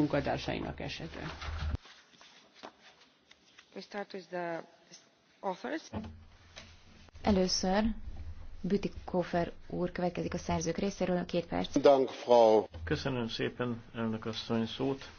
munkatársainak esete. Először Bütikofer úr következik a szerzők részéről, a két perc. Köszönöm szépen, elnök asszony szót.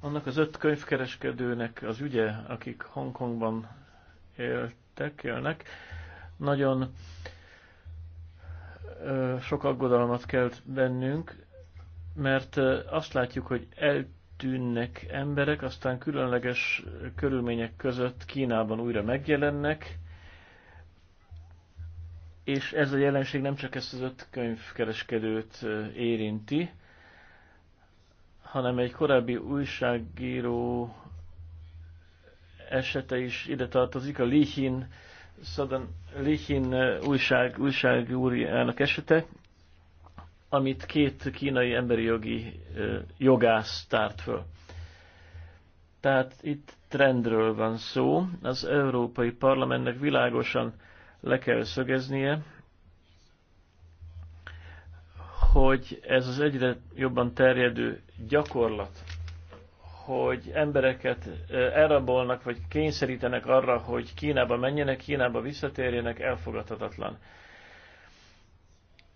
Annak az öt könyvkereskedőnek az ügye, akik Hongkongban éltek, élnek, nagyon sok aggodalmat kelt bennünk, mert azt látjuk, hogy eltűnnek emberek, aztán különleges körülmények között Kínában újra megjelennek, és ez a jelenség nem csak ezt az öt könyvkereskedőt érinti, hanem egy korábbi újságíró esete is ide tartozik, a Lihin Szadan Lichin újság, újság úriának esete, amit két kínai emberi jogi jogász tárt föl. Tehát itt trendről van szó. Az Európai Parlamentnek világosan le kell szögeznie, hogy ez az egyre jobban terjedő gyakorlat hogy embereket elrabolnak, vagy kényszerítenek arra, hogy Kínába menjenek, Kínába visszatérjenek, elfogadhatatlan.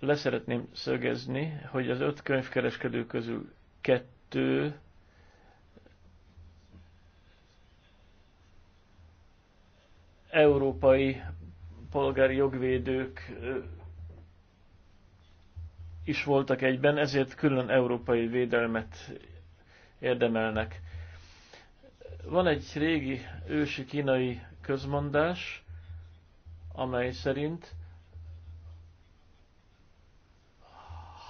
Leszeretném szögezni, hogy az öt könyvkereskedő közül kettő európai polgári jogvédők is voltak egyben, ezért külön európai védelmet érdemelnek. Van egy régi ősi kínai közmondás, amely szerint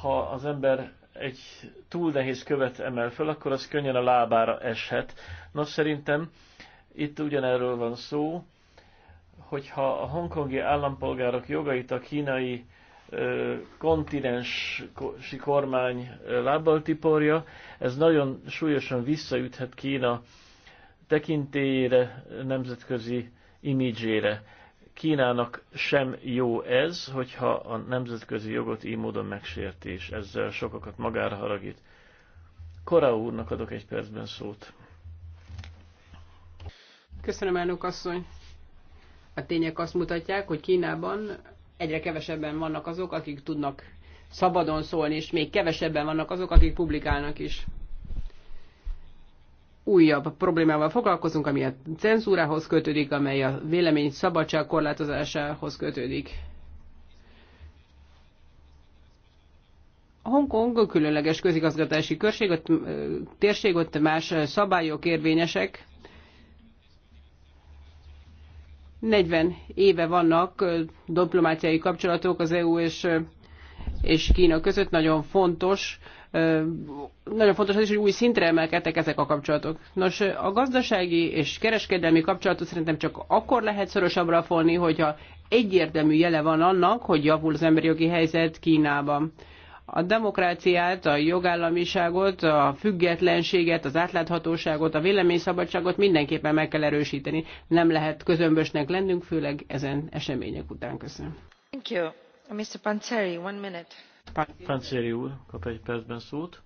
ha az ember egy túl nehéz követ emel föl, akkor az könnyen a lábára eshet. Nos, szerintem itt ugyanerről van szó, hogyha a hongkongi állampolgárok jogait a kínai kontinensi kormány lábbal tiporja. Ez nagyon súlyosan visszaüthet Kína tekintélyére, nemzetközi imidzsére. Kínának sem jó ez, hogyha a nemzetközi jogot így módon megsérti, és ezzel sokakat magára haragít. Kora úrnak adok egy percben szót. Köszönöm, elnök asszony. A tények azt mutatják, hogy Kínában egyre kevesebben vannak azok, akik tudnak szabadon szólni, és még kevesebben vannak azok, akik publikálnak is. Újabb problémával foglalkozunk, ami a cenzúrához kötődik, amely a vélemény szabadság korlátozásához kötődik. Hongkong különleges közigazgatási körség, ott, térség, ott más szabályok érvényesek, 40 éve vannak diplomáciai kapcsolatok az EU és, és Kína között. Nagyon fontos, nagyon fontos az is, hogy új szintre emelkedtek ezek a kapcsolatok. Nos, a gazdasági és kereskedelmi kapcsolatot szerintem csak akkor lehet szorosabbra folni, hogyha egyértelmű jele van annak, hogy javul az emberi jogi helyzet Kínában a demokráciát, a jogállamiságot, a függetlenséget, az átláthatóságot, a véleményszabadságot mindenképpen meg kell erősíteni. Nem lehet közömbösnek lennünk, főleg ezen események után. Köszönöm. Thank you. Mr. Panceri, one minute. Panceri úr, kap egy percben szót.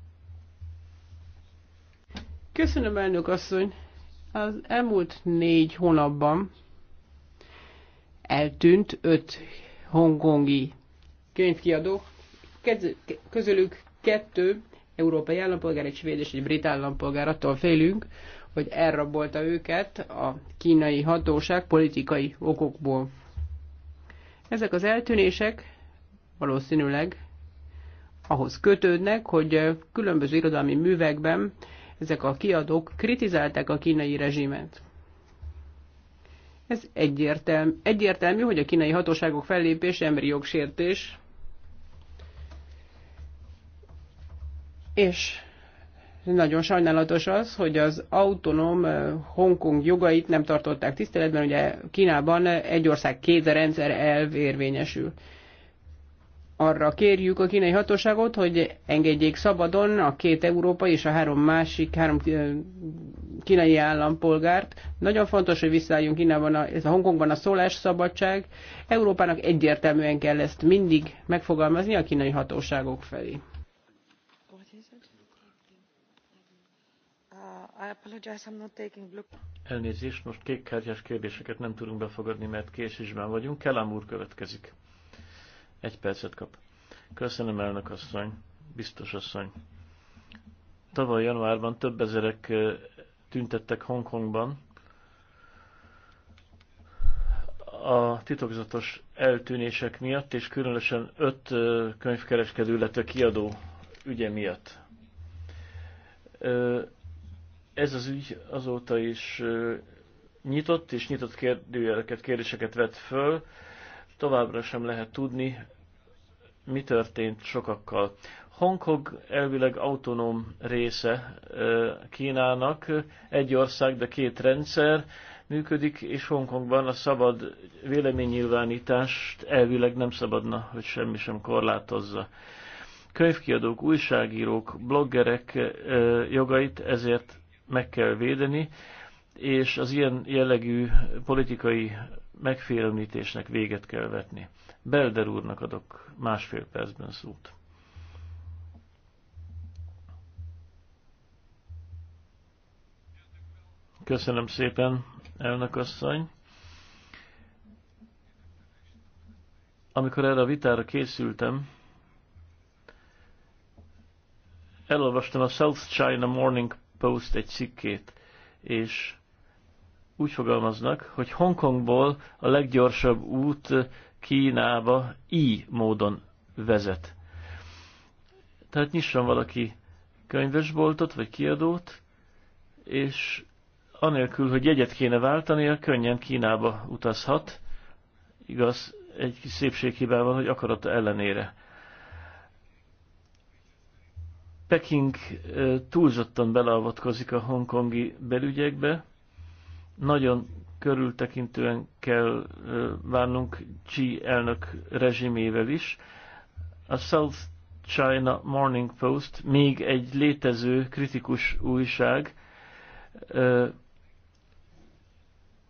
Köszönöm, elnök asszony. Az elmúlt négy hónapban eltűnt öt hongkongi könyvkiadó, közülük kettő európai állampolgár, egy svéd és egy brit állampolgár, attól félünk, hogy elrabolta őket a kínai hatóság politikai okokból. Ezek az eltűnések valószínűleg ahhoz kötődnek, hogy különböző irodalmi művekben ezek a kiadók kritizálták a kínai rezsimet. Ez egyértelmű, egyértelmű hogy a kínai hatóságok fellépés emberi jogsértés, és nagyon sajnálatos az, hogy az autonóm eh, Hongkong jogait nem tartották tiszteletben, ugye Kínában egy ország két rendszer elv érvényesül. Arra kérjük a kínai hatóságot, hogy engedjék szabadon a két európai és a három másik, három eh, kínai állampolgárt. Nagyon fontos, hogy visszaálljunk Kínában, a, ez a Hongkongban a szólásszabadság. Európának egyértelműen kell ezt mindig megfogalmazni a kínai hatóságok felé. Elnézést, most kékkártyás kérdéseket nem tudunk befogadni, mert késésben vagyunk. Kelám úr következik. Egy percet kap. Köszönöm, elnök asszony, biztos asszony. Tavaly januárban több ezerek tüntettek Hongkongban a titokzatos eltűnések miatt, és különösen öt könyvkereskedő, illetve kiadó ügye miatt ez az ügy azóta is nyitott, és nyitott kérdőjeleket, kérdéseket vett föl. Továbbra sem lehet tudni, mi történt sokakkal. Hongkong elvileg autonóm része Kínának, egy ország, de két rendszer működik, és Hongkongban a szabad véleménynyilvánítást elvileg nem szabadna, hogy semmi sem korlátozza. Könyvkiadók, újságírók, bloggerek jogait ezért meg kell védeni, és az ilyen jellegű politikai megfélemlítésnek véget kell vetni. Belder úrnak adok másfél percben szót. Köszönöm szépen, elnök asszony. Amikor erre a vitára készültem, elolvastam a South China Morning Post egy cikkét, és úgy fogalmaznak, hogy Hongkongból a leggyorsabb út Kínába így módon vezet. Tehát nyisson valaki könyvesboltot vagy kiadót, és anélkül, hogy jegyet kéne váltania, könnyen Kínába utazhat, igaz, egy kis szépséghibával, hogy akarata ellenére. Peking túlzottan beleavatkozik a hongkongi belügyekbe, nagyon körültekintően kell várnunk Xi elnök rezsimével is. A South China Morning Post, még egy létező kritikus újság,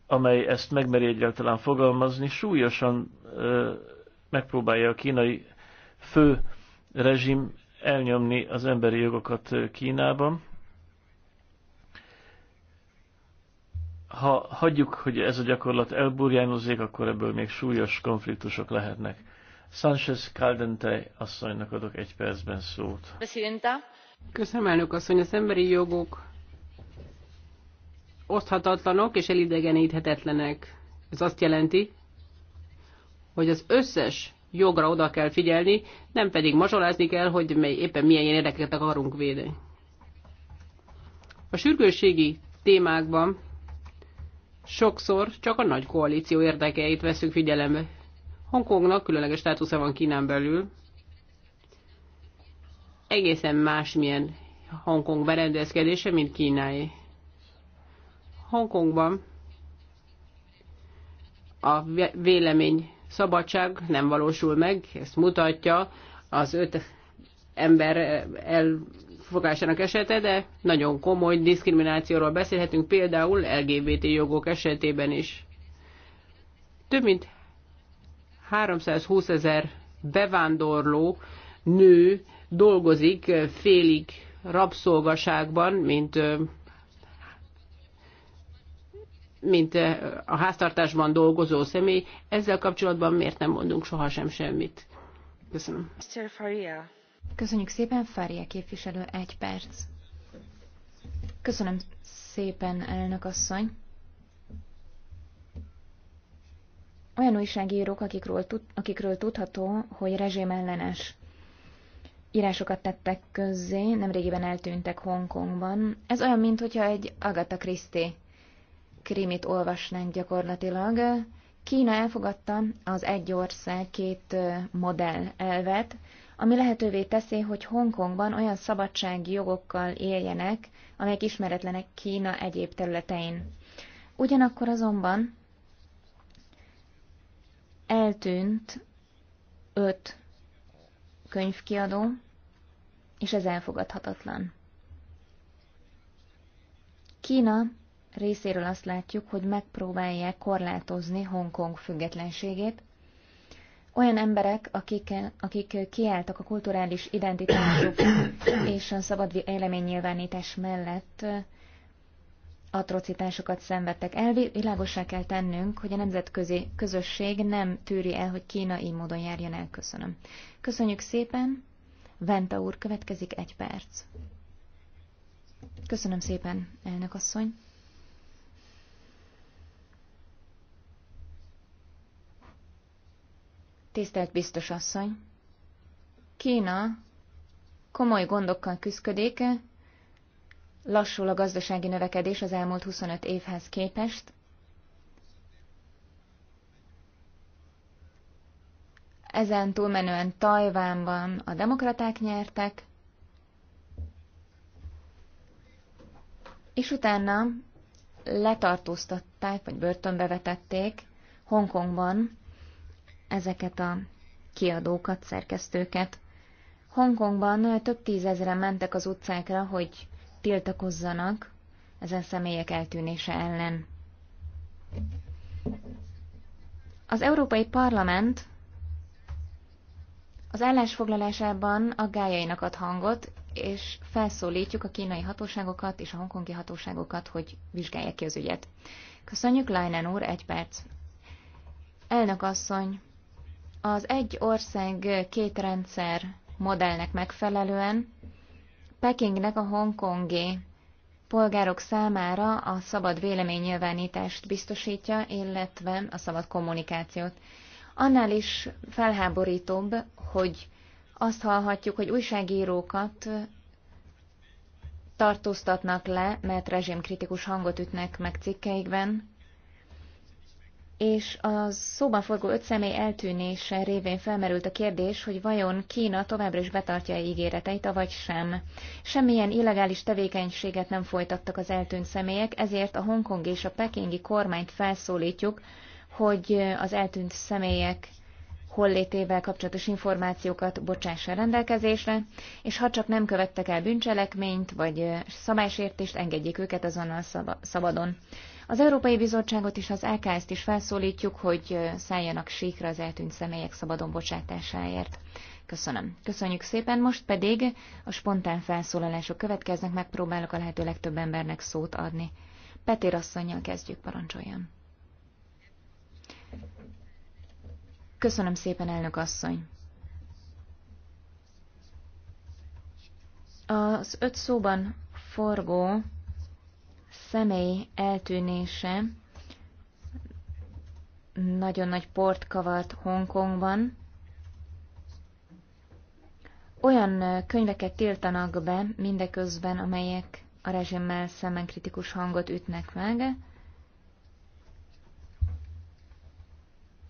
amely ezt megmeri egyáltalán fogalmazni, súlyosan megpróbálja a kínai fő rezsim elnyomni az emberi jogokat Kínában. Ha hagyjuk, hogy ez a gyakorlat elburjánozzék, akkor ebből még súlyos konfliktusok lehetnek. Sánchez Caldente asszonynak adok egy percben szót. Köszönöm, elnök asszony. Az emberi jogok oszthatatlanok és elidegeníthetetlenek. Ez azt jelenti, hogy az összes jogra oda kell figyelni, nem pedig mazsolázni kell, hogy éppen milyen érdekeket akarunk védeni. A sürgősségi témákban sokszor csak a nagy koalíció érdekeit veszünk figyelembe. Hongkongnak különleges státusza van Kínán belül, egészen másmilyen Hongkong berendezkedése, mint Kínáé. Hongkongban a vélemény szabadság nem valósul meg, ezt mutatja az öt ember elfogásának esete, de nagyon komoly diszkriminációról beszélhetünk, például LGBT jogok esetében is. Több mint 320 ezer bevándorló nő dolgozik félig rabszolgaságban, mint mint eh, a háztartásban dolgozó személy. Ezzel kapcsolatban miért nem mondunk sohasem semmit? Köszönöm. Köszönjük szépen, Faria képviselő, egy perc. Köszönöm szépen, elnök asszony. Olyan újságírók, akikről, tud, akikről tudható, hogy rezsémellenes írásokat tettek közzé, nemrégiben eltűntek Hongkongban. Ez olyan, mintha egy Agatha Christie krimit olvasnánk gyakorlatilag. Kína elfogadta az egy ország két modell elvet, ami lehetővé teszi, hogy Hongkongban olyan szabadsági jogokkal éljenek, amelyek ismeretlenek Kína egyéb területein. Ugyanakkor azonban eltűnt öt könyvkiadó, és ez elfogadhatatlan. Kína részéről azt látjuk, hogy megpróbálják korlátozni Hongkong függetlenségét. Olyan emberek, akik, akik kiálltak a kulturális identitásuk és a szabad véleménynyilvánítás mellett, atrocitásokat szenvedtek el, világosá kell tennünk, hogy a nemzetközi közösség nem tűri el, hogy Kína így módon járjon el. Köszönöm. Köszönjük szépen. Venta úr, következik egy perc. Köszönöm szépen, elnök asszony. Tisztelt biztos asszony! Kína komoly gondokkal küzdik, lassul a gazdasági növekedés az elmúlt 25 évhez képest. Ezen túlmenően Tajvánban a demokraták nyertek, és utána letartóztatták, vagy börtönbe vetették Hongkongban ezeket a kiadókat, szerkesztőket. Hongkongban több tízezeren mentek az utcákra, hogy tiltakozzanak ezen személyek eltűnése ellen. Az Európai Parlament az állásfoglalásában gályainak ad hangot, és felszólítjuk a kínai hatóságokat és a hongkongi hatóságokat, hogy vizsgálják ki az ügyet. Köszönjük, Lajnán úr, egy perc. Elnök asszony, az egy ország két rendszer modellnek megfelelően Pekingnek a hongkongi polgárok számára a szabad véleménynyilvánítást biztosítja, illetve a szabad kommunikációt. Annál is felháborítóbb, hogy azt hallhatjuk, hogy újságírókat tartóztatnak le, mert rezsimkritikus hangot ütnek meg cikkeikben, és a szóban forgó öt személy eltűnése révén felmerült a kérdés, hogy vajon Kína továbbra is betartja-e ígéreteit, vagy sem. Semmilyen illegális tevékenységet nem folytattak az eltűnt személyek, ezért a Hongkong és a pekingi kormányt felszólítjuk, hogy az eltűnt személyek hollétével kapcsolatos információkat bocsássa rendelkezésre, és ha csak nem követtek el bűncselekményt vagy szabálysértést, engedjék őket azonnal szabadon. Az Európai Bizottságot és az lks t is felszólítjuk, hogy szálljanak síkra az eltűnt személyek szabadon bocsátásáért. Köszönöm. Köszönjük szépen, most pedig a spontán felszólalások következnek, megpróbálok a lehető legtöbb embernek szót adni. Petér asszonyjal kezdjük, parancsoljon. Köszönöm szépen, elnök asszony. Az öt szóban forgó személy eltűnése nagyon nagy port kavart Hongkongban. Olyan könyveket tiltanak be mindeközben, amelyek a rezsimmel szemben kritikus hangot ütnek meg.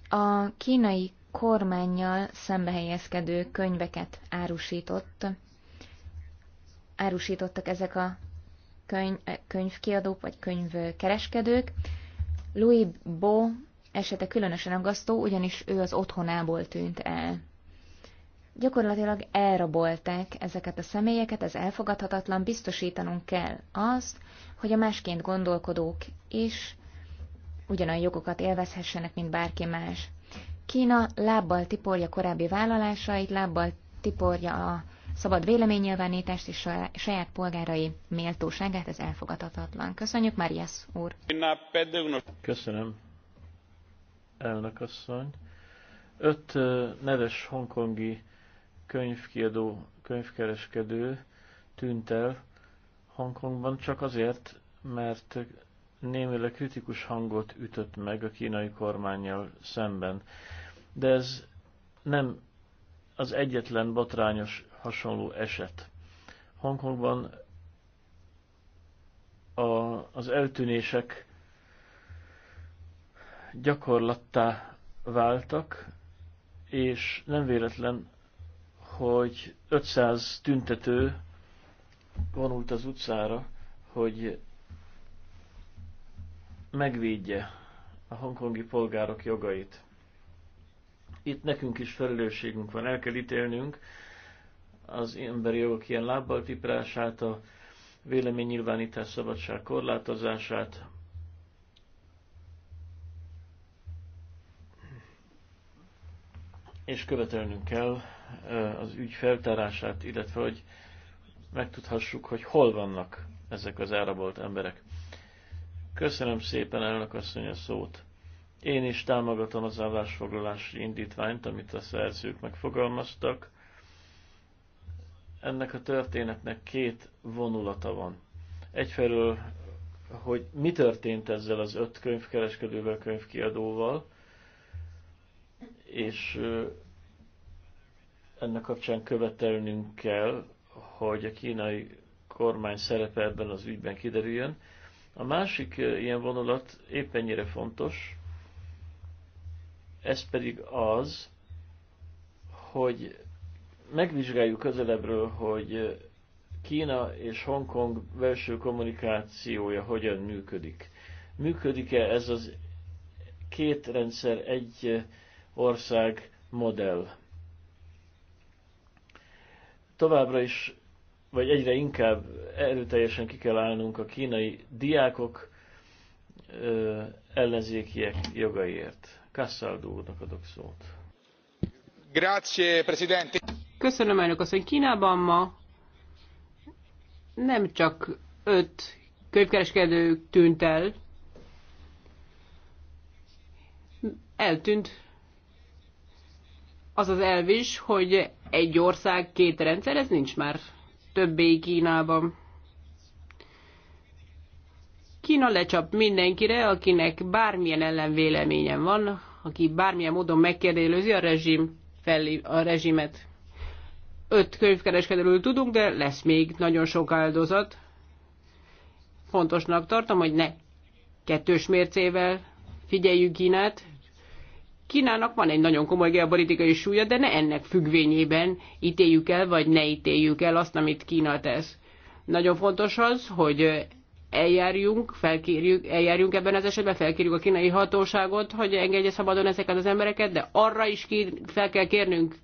a kínai kormányjal szembehelyezkedő könyveket árusított. Árusítottak ezek a könyv, eh, könyvkiadók vagy könyvkereskedők. Louis Bo esete különösen aggasztó, ugyanis ő az otthonából tűnt el. Gyakorlatilag elrabolták ezeket a személyeket, ez elfogadhatatlan, biztosítanunk kell azt, hogy a másként gondolkodók is ugyanolyan jogokat élvezhessenek, mint bárki más. Kína lábbal tiporja korábbi vállalásait, lábbal tiporja a szabad véleménynyilvánítást és saját polgárai méltóságát, ez elfogadhatatlan. Köszönjük, Marias úr! Köszönöm, elnök asszony. Öt neves hongkongi könyvkiadó, könyvkereskedő tűnt el Hongkongban csak azért, mert némileg kritikus hangot ütött meg a kínai kormányjal szemben. De ez nem az egyetlen botrányos hasonló eset. Hongkongban a, az eltűnések gyakorlattá váltak, és nem véletlen, hogy 500 tüntető vonult az utcára, hogy megvédje a hongkongi polgárok jogait. Itt nekünk is felelősségünk van, el kell ítélnünk az emberi jogok ilyen lábbal tiprását, a véleménynyilvánítás szabadság korlátozását, és követelnünk kell az ügy feltárását, illetve hogy megtudhassuk, hogy hol vannak ezek az elrabolt emberek. Köszönöm szépen, elnök asszony, a szót. Én is támogatom az állásfoglalási indítványt, amit a szerzők megfogalmaztak. Ennek a történetnek két vonulata van. Egyfelől, hogy mi történt ezzel az öt könyvkereskedővel, könyvkiadóval, és ennek kapcsán követelnünk kell, hogy a kínai kormány szerepe ebben az ügyben kiderüljön, a másik ilyen vonulat ennyire fontos, ez pedig az, hogy megvizsgáljuk közelebbről, hogy Kína és Hongkong belső kommunikációja hogyan működik. Működik-e ez az két rendszer, egy ország modell? Továbbra is vagy egyre inkább erőteljesen ki kell állnunk a kínai diákok ö, ellenzékiek jogaiért. Kasszaldó úrnak adok szót. Grazie, Presidente. Köszönöm, elnök asszony. Kínában ma nem csak öt könyvkereskedő tűnt el, eltűnt az az elv is, hogy egy ország, két rendszer, ez nincs már többé Kínában. Kína lecsap mindenkire, akinek bármilyen ellenvéleményen van, aki bármilyen módon megkérdőjelezi a, rezsim, a rezsimet. Öt könyvkereskedőről tudunk, de lesz még nagyon sok áldozat. Fontosnak tartom, hogy ne kettős mércével figyeljük Kínát, Kínának van egy nagyon komoly geopolitikai súlya, de ne ennek függvényében ítéljük el, vagy ne ítéljük el azt, amit Kína tesz. Nagyon fontos az, hogy eljárjunk, felkérjük, eljárjunk ebben az esetben, felkérjük a kínai hatóságot, hogy engedje szabadon ezeket az embereket, de arra is ki, fel kell kérnünk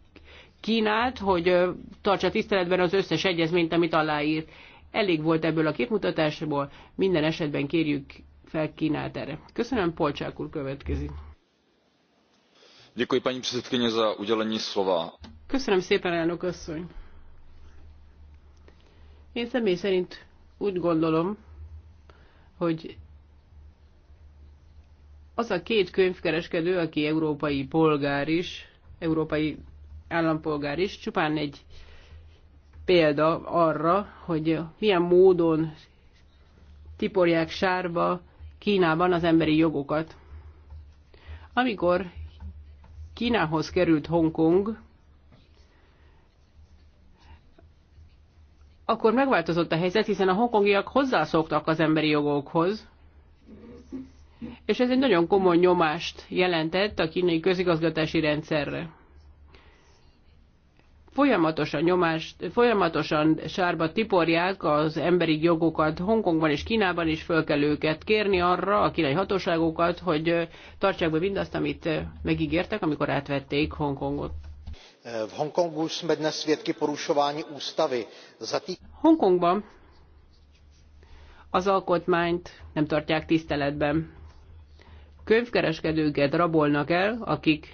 Kínát, hogy tartsa tiszteletben az összes egyezményt, amit aláírt. Elég volt ebből a képmutatásból, minden esetben kérjük fel Kínát erre. Köszönöm, Polcsák úr következik paní předsedající köszönöm szépen én személy szerint úgy gondolom hogy az a két könyvkereskedő aki európai polgár is európai állampolgár is csupán egy példa arra hogy milyen módon tiporják sárba kínában az emberi jogokat amikor Kínához került Hongkong, akkor megváltozott a helyzet, hiszen a hongkongiak hozzászoktak az emberi jogokhoz, és ez egy nagyon komoly nyomást jelentett a kínai közigazgatási rendszerre folyamatosan nyomást, folyamatosan sárba tiporják az emberi jogokat Hongkongban és Kínában is föl kell őket kérni arra a kínai hatóságokat, hogy tartsák be mindazt, amit megígértek, amikor átvették Hongkongot. Eh, Hongkongban az alkotmányt nem tartják tiszteletben. Könyvkereskedőket rabolnak el, akik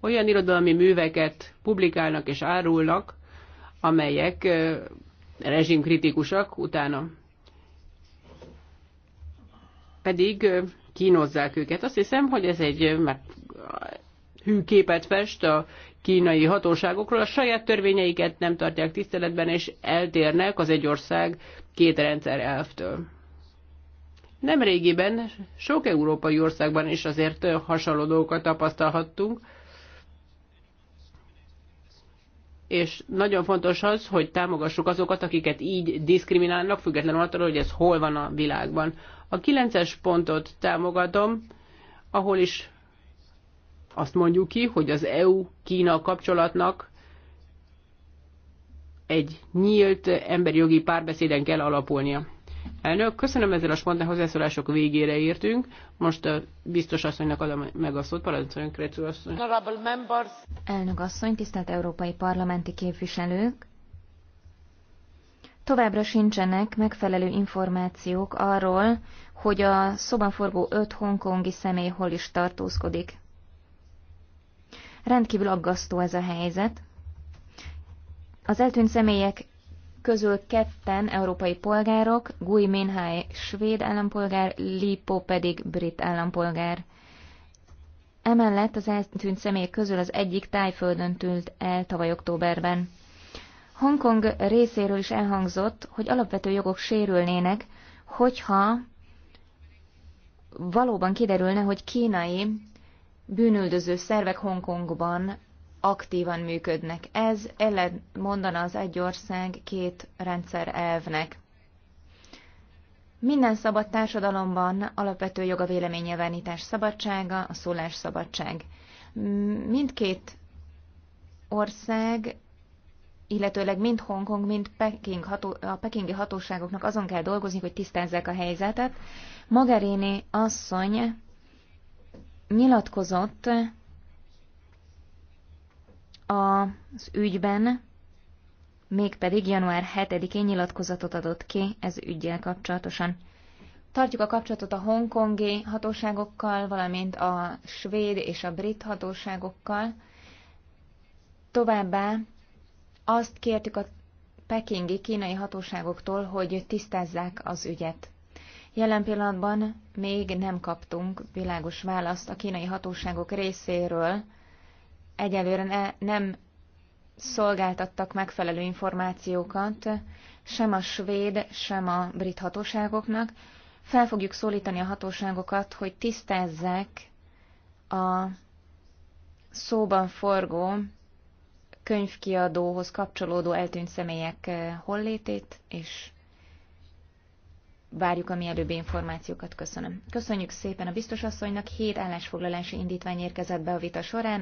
olyan irodalmi műveket publikálnak és árulnak, amelyek rezsimkritikusak utána. Pedig kínozzák őket. Azt hiszem, hogy ez egy mert hű képet fest a kínai hatóságokról. A saját törvényeiket nem tartják tiszteletben, és eltérnek az egy ország két rendszer elftől. Nemrégiben sok európai országban is azért hasonló dolgokat tapasztalhattunk, és nagyon fontos az, hogy támogassuk azokat, akiket így diszkriminálnak, függetlenül attól, hogy ez hol van a világban. A kilences pontot támogatom, ahol is azt mondjuk ki, hogy az EU-Kína kapcsolatnak egy nyílt emberi jogi párbeszéden kell alapulnia. Elnök, köszönöm ezzel a spontán hozzászólások végére értünk. Most a biztos asszonynak adom meg a szót, parancsoljon Krecu asszony. Elnök asszony, tisztelt európai parlamenti képviselők! Továbbra sincsenek megfelelő információk arról, hogy a szobaforgó öt hongkongi személy hol is tartózkodik. Rendkívül aggasztó ez a helyzet. Az eltűnt személyek közül ketten európai polgárok, Gui Minhai svéd állampolgár, Lipo pedig brit állampolgár. Emellett az eltűnt személyek közül az egyik tájföldön tűnt el tavaly októberben. Hongkong részéről is elhangzott, hogy alapvető jogok sérülnének, hogyha valóban kiderülne, hogy kínai bűnüldöző szervek Hongkongban aktívan működnek. Ez ellen mondana az egy ország két rendszer elvnek. Minden szabad társadalomban alapvető jog a véleménynyilvánítás szabadsága, a szólás szabadság. Mindkét ország, illetőleg mind Hongkong, mind Peking ható, a pekingi hatóságoknak azon kell dolgozni, hogy tisztázzák a helyzetet. Magaréni asszony nyilatkozott az ügyben, mégpedig január 7-én nyilatkozatot adott ki ez ügyjel kapcsolatosan. Tartjuk a kapcsolatot a hongkongi hatóságokkal, valamint a svéd és a brit hatóságokkal. Továbbá azt kértük a pekingi kínai hatóságoktól, hogy tisztázzák az ügyet. Jelen pillanatban még nem kaptunk világos választ a kínai hatóságok részéről egyelőre ne, nem szolgáltattak megfelelő információkat sem a svéd, sem a brit hatóságoknak. Fel fogjuk szólítani a hatóságokat, hogy tisztázzák a szóban forgó könyvkiadóhoz kapcsolódó eltűnt személyek eh, hollétét, és várjuk a mielőbbi információkat. Köszönöm. Köszönjük szépen a biztosasszonynak. Hét állásfoglalási indítvány érkezett be a vita során.